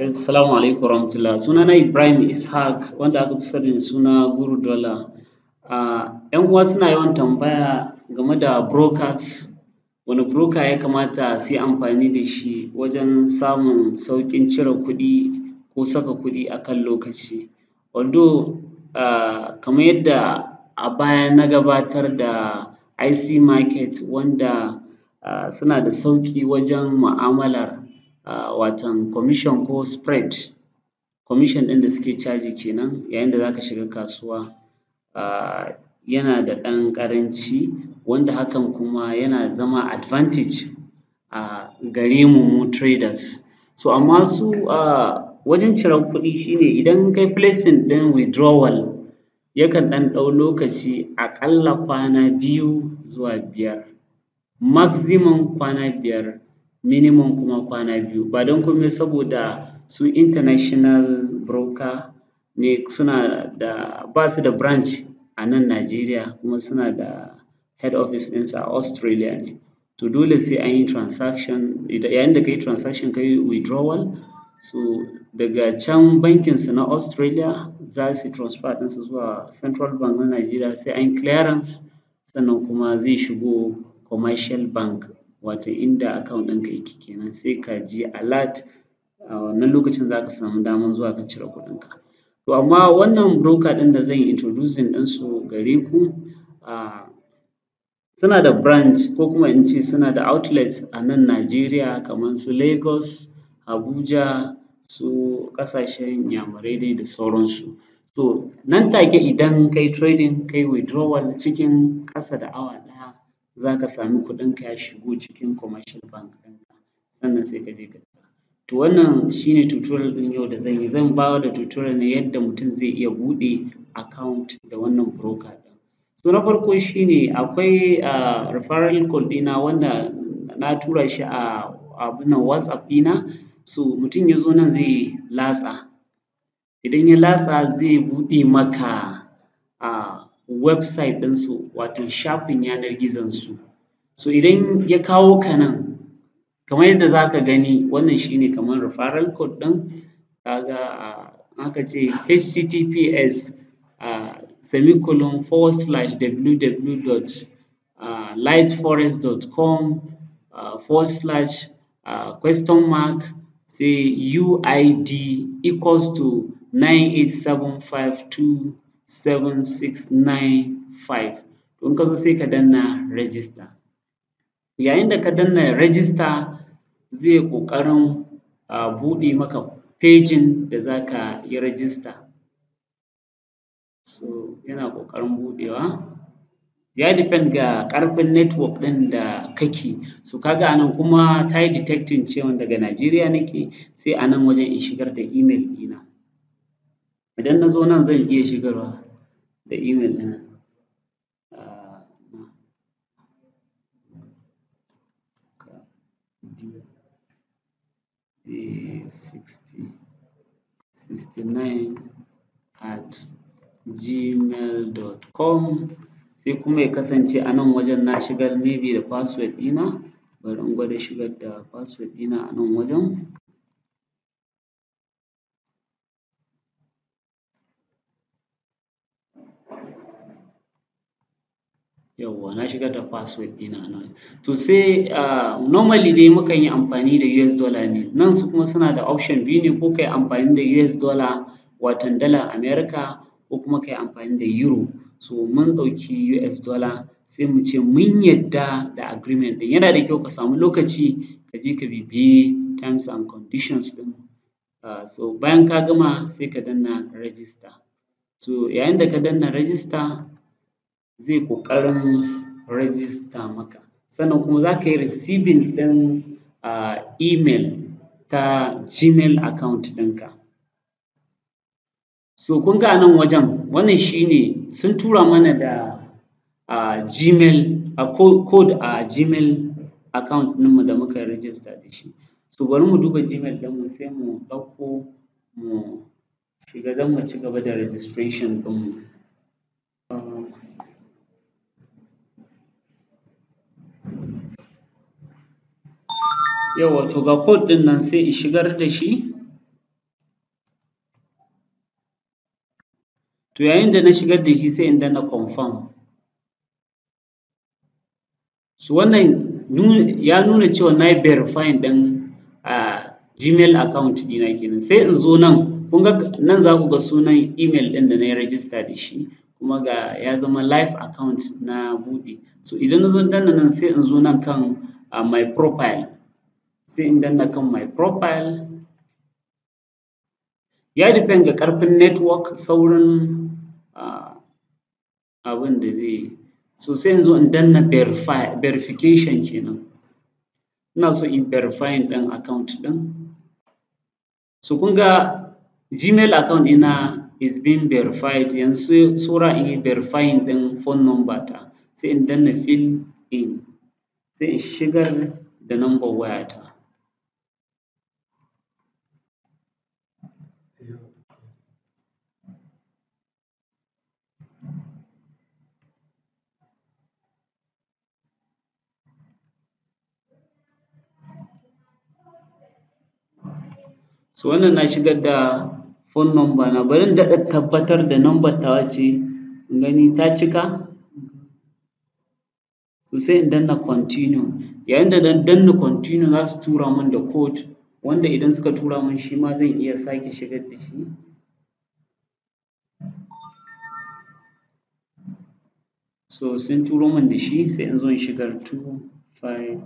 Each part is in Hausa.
Assalamu alaikum warahmatullah na Ibrahim Ishaq wanda aka fi sani suna Guru Dola. ‘Yan uwa suna yawan tambaya game da brokers wani broker ya kamata su yi amfani da shi wajen samun sauƙin cire kuɗi ko saka kuɗi a kan lokaci. Although kamar yadda a baya na gabatar da IC market wanda suna da sauƙi wajen mu'amalar watan commission ko spread commission ɗin da suke caji kenan yayin da za ka shiga kasuwa yana da ɗan ƙaranci wanda hakan kuma yana zama advantage a gare mu mu traders so amma su wajen ciran kuɗi shi ne idan kai placing ɗin withdrawal yakan ɗan ɗau lokaci aƙalla kwana biyu zuwa biyar maximum kwana biyar minimum kuma kwana biyu ba don komai saboda su international broker ne suna da ba su da branch a nan Najeriya kuma suna da head office ɗinsu a Australia ne to dole sai an yi transaction yayin da kai yi transaction ka yi withdrawal so daga can bankinsu na Australia za su transfer ɗinsu zuwa Central Bank na Najeriya sai an clearance sannan kuma zai shigo commercial bank wato inda account ɗinka yake kenan sai ka ji alert a wannan lokacin za ka samu daman zuwa ka cire kuɗinka to amma wannan broker ɗin da zan yi introducing ɗinsu gare ku a suna da branch ko kuma in ce suna da outlet a nan Najeriya kamar su Lagos Abuja su ƙasashen Inyamurai dai da sauransu to nan take idan kai trading kai withdrawal cikin ƙasa da awa ɗaya za ka sami kuɗinka ya shigo cikin commercial bank ɗinka sannan sai ka je ka cira. To wannan shine ne tutorial ɗin yau da zan yi, zan wa da tutorial ne yadda mutum zai iya buɗe account da wannan broker ɗin. To na farko shine ne akwai referral code ɗina wanda na tura shi a abin nan WhatsApp ɗina, so mutum ya zo nan zai latsa, idan ya latsa zai buɗe maka website ɗinsu wato shafin yanar su so idan ya kawo ka nan kamar yadda za ka gani wannan shine kamar referral code ɗin kaga aka ce https uh, semicolon forward slash www dot lightforest dot com forward slash question mark say uid equals to 98752 7695 to in ka zo sai ka danna register yayin da ka danna register zai ƙoƙarin buɗe maka pejin da za ka yi register so yana ƙoƙarin buɗewa ya depend ga ƙarfin network ɗin da kake so kaga anan kuma ta yi detecting cewa daga Najeriya nake sai anan wajen in shigar da email ɗina idan na zo nan zan iya shigarwa da email ɗin at gmail.com dot com sai kuma ya kasance a nan wajen na shigar maybe da password ɗina bari in gwada shigar da password ɗina a nan wajen yawwa na shigar da password ɗina nan to sai normally dai mukan yi amfani da US dollar ne nan su kuma suna da option biyu ne ko kai amfani da US dollar watan dalar America ko kuma kai amfani da euro so mun ɗauki US dollar sai mu ce mun yadda da agreement ɗin yana da kyau ka samu lokaci ka je ka bibiyi terms and conditions ɗin so bayan ka gama sai ka danna register to yayin da ka danna register zai ƙoƙarin register maka sannan kuma za ka yi receiving ɗin uh, email ta gmail account ɗinka so kun ga nan wajen wannan shine sun tura mana da uh, gmail a uh, code a uh, gmail account ɗinmu da muka register da shi so bari mu duba gmail ɗinmu sai mu ɗauko mu shiga don mu ci gaba da registration ɗinmu Yau wato ga code ɗin nan sai in shigar da shi to yayin da na shigar da shi sai in danna confirm so wannan ya nuna cewa na yi verifying ɗin a gmail account ɗina kenan sai in zo nan kun ga nan za ku ga sunan email ɗin da na yi register da shi kuma ga ya zama live account na buɗe so idan na zo danna nan sai in zo nan kan my profile sai in danna kan my profile ya depend ga ƙarfin network saurin abin da zai yi so sai in zo in danna verification kenan ina so in verify ɗin account ɗin so kun ga gmail account ina is being verified yanzu sura in yi verifying ɗin phone number ta sai in danna fill in sai in shigar da number waya ta so wannan na shigar da phone number na bari in daɗa tabbatar da number tawa ce in gani ta cika to sai in danna continue yayin da na danna continue za su tura min da code wanda idan suka tura min shi ma zan iya sake shigar da shi so sun turo min da shi sai in zo in shigar two five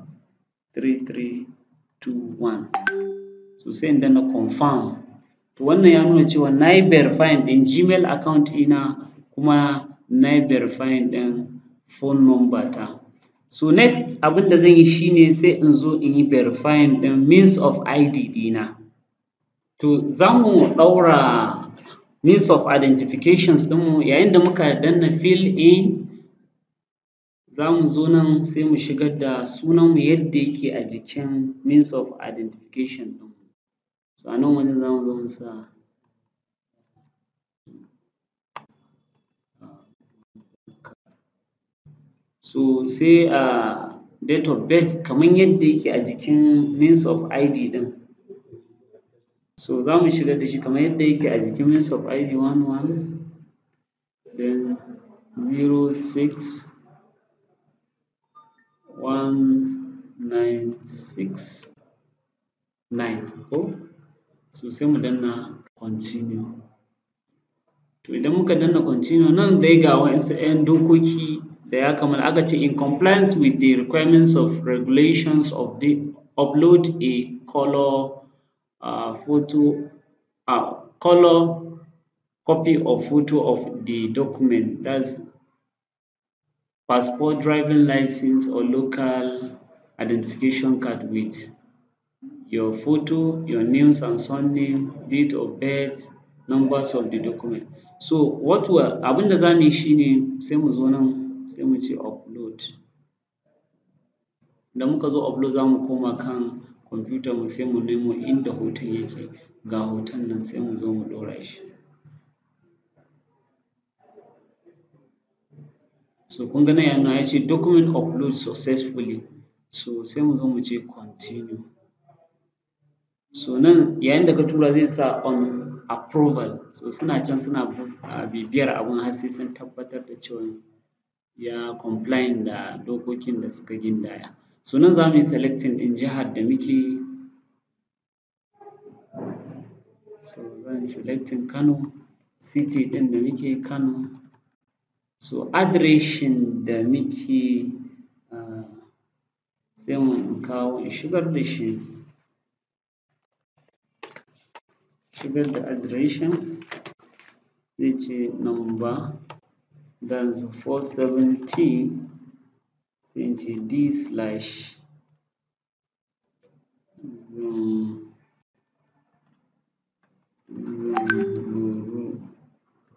three three two one Sosai sai in danna confirm to wannan ya nuna cewa na yi verifying ɗin gmail account ɗina kuma na yi verifying ɗin phone number ta so next abin da zan yi shi ne sai in zo in yi verifying ɗin means of id ɗina to za mu ɗaura means of identifications ɗinmu yayin da muka danna fill in za mu zo nan sai mu shigar da sunanmu yadda yake a jikin means of identification ɗin so a nan wajen mu zo mu sa so sai a date of birth kaman yadda yake a jikin means of ID ɗin so za mu shigar da shi kaman yadda yake a jikin means of ID one one then zero six one nine six nine so sai mu danna continue to idan muka danna continue nan dai ga wasu ‘yan dokoki da ya kamata aka ce in compliance with the requirements of regulations of the upload a color uh, photo uh, color copy of photo of the document that's passport driving license or local identification card with your photo, your names and surname, date of birth, numbers of the document. So what we're, abinda za shi yi shine sai mu zo nan sai mu ce upload. Da muka zo upload za mu koma kan computer mu sai mu nemo inda hoton yake ga hoton nan sai mu zo mu ɗora shi. So kun ga nan ya ce document upload successfully. So sai mu zo mu ce continue. so nan yayin da ka tura zai sa on approval so suna can suna ah, bibiyar abun har sai sun tabbatar da cewa ya complying da dokokin da suka gindaya so nan za mu yi selecting jihar da muke so zan selecting Kano city din da muke Kano so adireshin da muke ah, sai mu kawo shigar da shi shigar da adireshin zai ce number that's 470 sai in ce d slash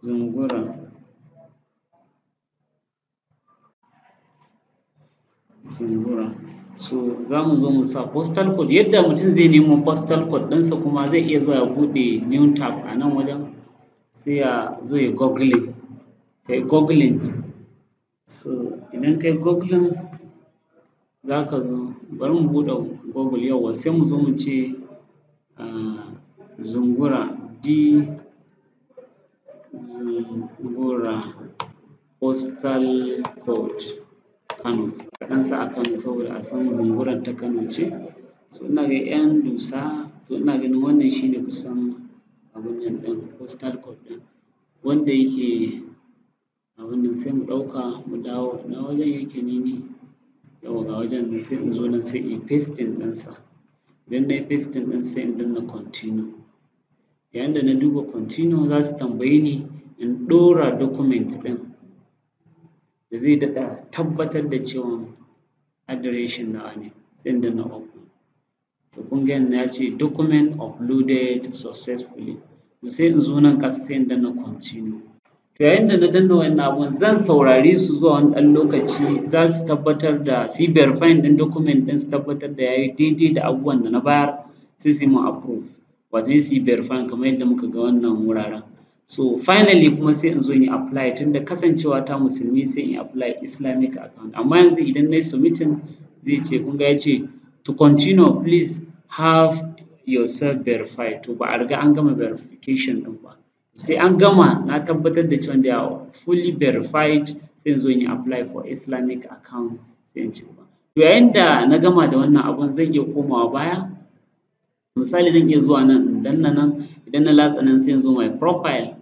zungura zungura so za mu zo mu sa postal code yadda mutum zai nemo postal code ɗinsa kuma zai iya zuwa ya buɗe new tab a nan wajen sai ya zo ya goggling ka yi goggling so idan ka yi goggling za ka zo bari mu buɗe google wa sai mu zo mu ce ah, zungura d zungura postal code Kano an sa a Kano saboda a san zunguran ta Kano ce so ina ga ƴan dusa to ina ganin wannan shi ne kusan abun nan ɗin postal code ɗin wanda yake abun nan sai mu ɗauka mu dawo na wajen yake ne ne yau ga wajen nan sai in zo nan sai in pasting sa idan yi pasting ɗin sai in danna continue yayin da na duba continue za su tambaye ni in ɗora document ɗin da zai daɗa tabbatar da cewa adireshin nawa ne sai da na open to kun na ce document uploaded successfully to sai in zo nan ƙasa sai in danna continue to yayin da na danna wannan abun zan saurare su zuwa wani ɗan lokaci za su tabbatar da su yi verifying ɗin document ɗin su tabbatar da yayi daidai da abubuwan da na bayar sai su yi mun approve wato sai su yi verifying kamar yadda muka ga wannan wuraren so finally kuma sai in zo in apply tunda kasancewa ta musulmi sai in apply islamic account amma yanzu idan na submitting zai ce kun ga ya ce to continue please have yourself verified to ba a riga an gama verification din ba sai an gama na tabbatar da cewa they are fully verified sai in zo in apply for islamic account sai in to yayin da na gama da wannan abun zan iya komawa baya misali zan iya zuwa nan in danna nan idan na latsa nan sai in zo my profile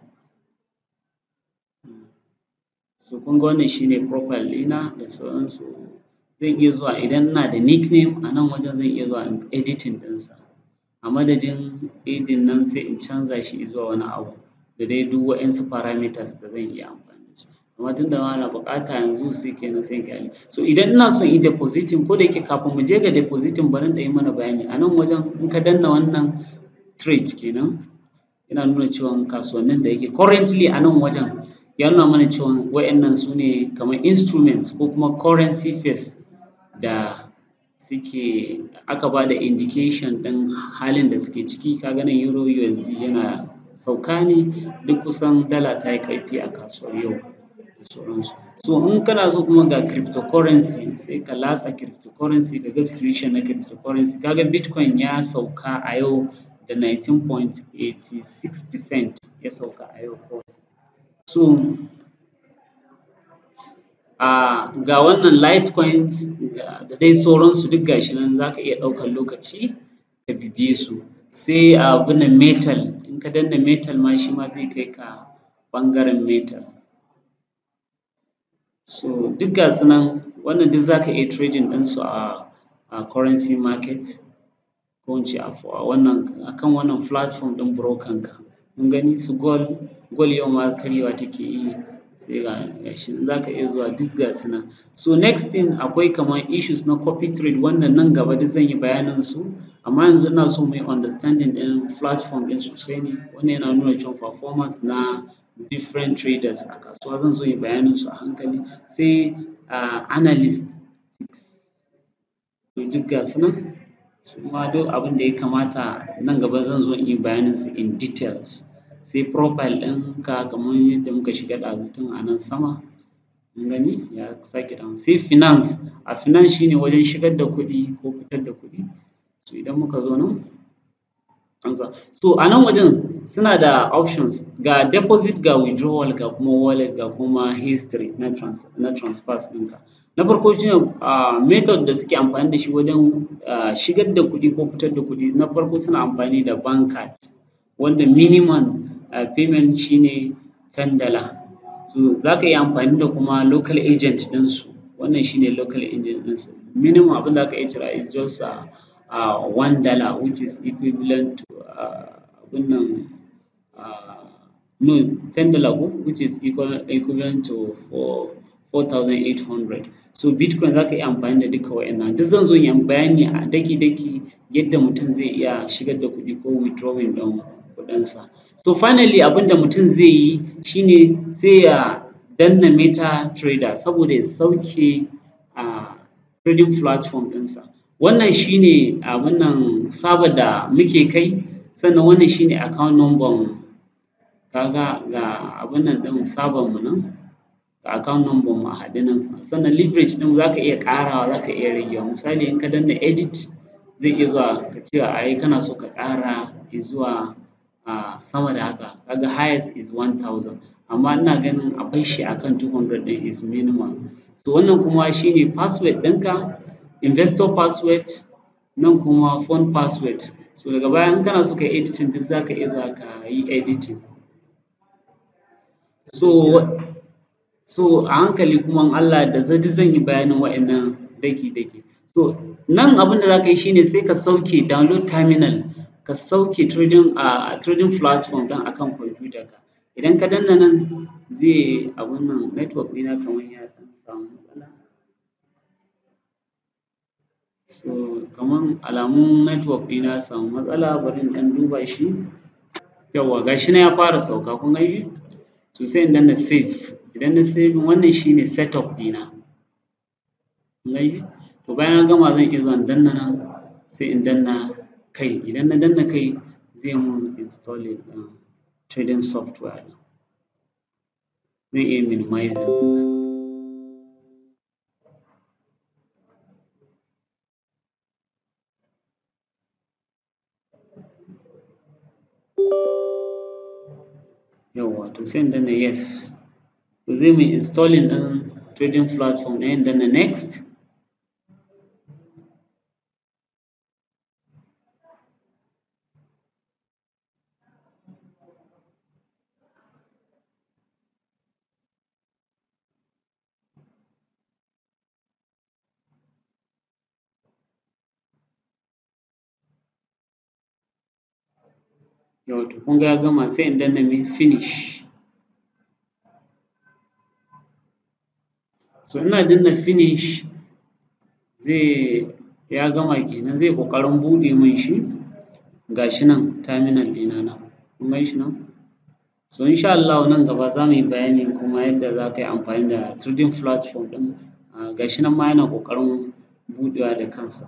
so kun ga wannan shine profile ɗina da sauransu zan iya zuwa idan ina da nickname a nan wajen zan iya zuwa in editing ɗinsa a madadin editing nan sai in canza shi zuwa wani abu da dai duk waɗansu parameters da zan iya amfani da su amma tunda ba na buƙata yanzu sai kenan sai in so idan ina son in depositing ko da yake kafin mu je ga depositing bari in ɗan mana bayani a nan wajen in ka danna wannan trade kenan yana nuna cewa kasuwannin da yake currently a nan wajen ya nuna mana cewa wa'annan su ne kamar instruments ko kuma currency fees da suke aka ba da indication ɗin halin da suke ciki ka nan euro USD yana sauka ne duk kusan dala ta yi ƙarfi a kasuwar yau da sauransu so in kana so kuma ga cryptocurrency sai ka latsa cryptocurrency ka ga situation na cryptocurrency ga bitcoin ya sauka a yau da 19.86% ya sauka a yau So, ga wannan Litecoin da dai sauransu duk gashi nan za ka iya ɗaukan lokaci ka bibiye su. Sai a nan metal, in ka danna metal ma shi ma zai kai ka ɓangaren metal. So, duk ga su nan wannan duk za ka iya trading ɗinsu a a currency market ko in ce a wannan akan wannan platform ɗin broker ka. mun gani su gold gwal yau ma karyewa take yi sai ga gashi za ka iya zuwa duk ga su so next thing akwai kamar issues na copy trade wannan nan gaba duk zan yi bayanin su amma yanzu ina so mu yi understanding din platform din sosai ne wannan yana nuna cewa performance na different traders a kasuwa zan zo yi bayanin su a hankali sai analyst to duk ga su nan su ma duk abin da ya kamata nan gaba zan zo in yi bayanin su in details sai profile ɗinka kamar yadda muka shiga ɗazu a nan sama mun gani ya sake down sai finance a finance shine wajen shigar da kuɗi ko fitar da kuɗi so idan muka zo nan amsa so a nan wajen suna da options ga deposit ga withdrawal ga kuma wallet ga kuma history na trans transfers ɗinka na farko shine uh, method da suke amfani da shi wajen shigar da kuɗi ko fitar da kuɗi na farko suna amfani da bank card wanda minimum payment shine ten dala so za ka yi amfani da kuma local agent ɗinsu wannan shine local agent ɗinsu minimum abin da aka iya cira is just a uh, uh, one dollar which is equivalent to uh, abin nan no ten dollar ko which is equivalent to eight hundred. so bitcoin za ka yi amfani da duka wa'annan duk zan zo yin bayani a daki-daki yadda mutum zai iya shigar da kuɗi ko withdrawing ɗin kuɗinsa So finally abinda mutum zai yi shine sai ya danna meta trader saboda ya sauke a trading platform ɗinsa. Wannan shine a wannan saba da muke kai sannan wannan shine account number mu. Kaga ga abun ɗin server mu nan ga account number mu a haɗe nan sannan leverage ɗin zaka iya ƙarawa zaka iya ragewa misali in ka danna edit zai iya zuwa ka ce ai kana so ka ƙara izuwa sama da haka kaga highest is 1000 amma ina ganin a akwai shi akan 200 din is minimum so wannan kuma shine password ɗinka investor password nan kuma phone password so daga baya in kana so kai editing duk zaka iya zuwa ka yi editing so so a hankali kuma Allah da duk zan yi bayanin wa'annan daki daki so nan abin da zaka yi shine sai ka sauke download terminal ka sauke trading a trading platform ɗin akan computer ka idan ka danna nan zai abun nan network ɗina kamar ya ɗan samu matsala so kamar alamun network ɗina ya samu matsala bari in ɗan duba shi yawwa gashi nan ya fara sauka kun gan shi to sai in danna save idan na save wannan shine setup ɗina kun gan shi to bayan na gama zan iya zuwa in danna nan sai in danna kai idan na danna kai zai mun installing ɗin um, trading software ɗin zan iya minimizing ɗinsa to sai in danna yes to zai mun installing ɗin trading platform ɗin in danna next Yawwa kun ga ya gama sai in danna me finish. So ina danna finish zai ya gama kenan zai ƙoƙarin buɗe min shi ga shi nan terminal ɗina nan kun gan shi nan. So insha Allahu nan gaba za mu yi bayani kuma yadda za ka yi amfani da trading platform ɗin ah, ga shi nan ma yana ƙoƙarin buɗewa da kansa.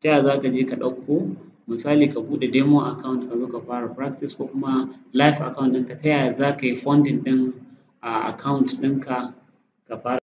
Ta yaya za ka je ka ɗauko misali ka buɗe demo account ka zo ka fara practice ko kuma live account ɗinka ta yaya za ka yi funding ɗin a ah, account ɗinka ka fara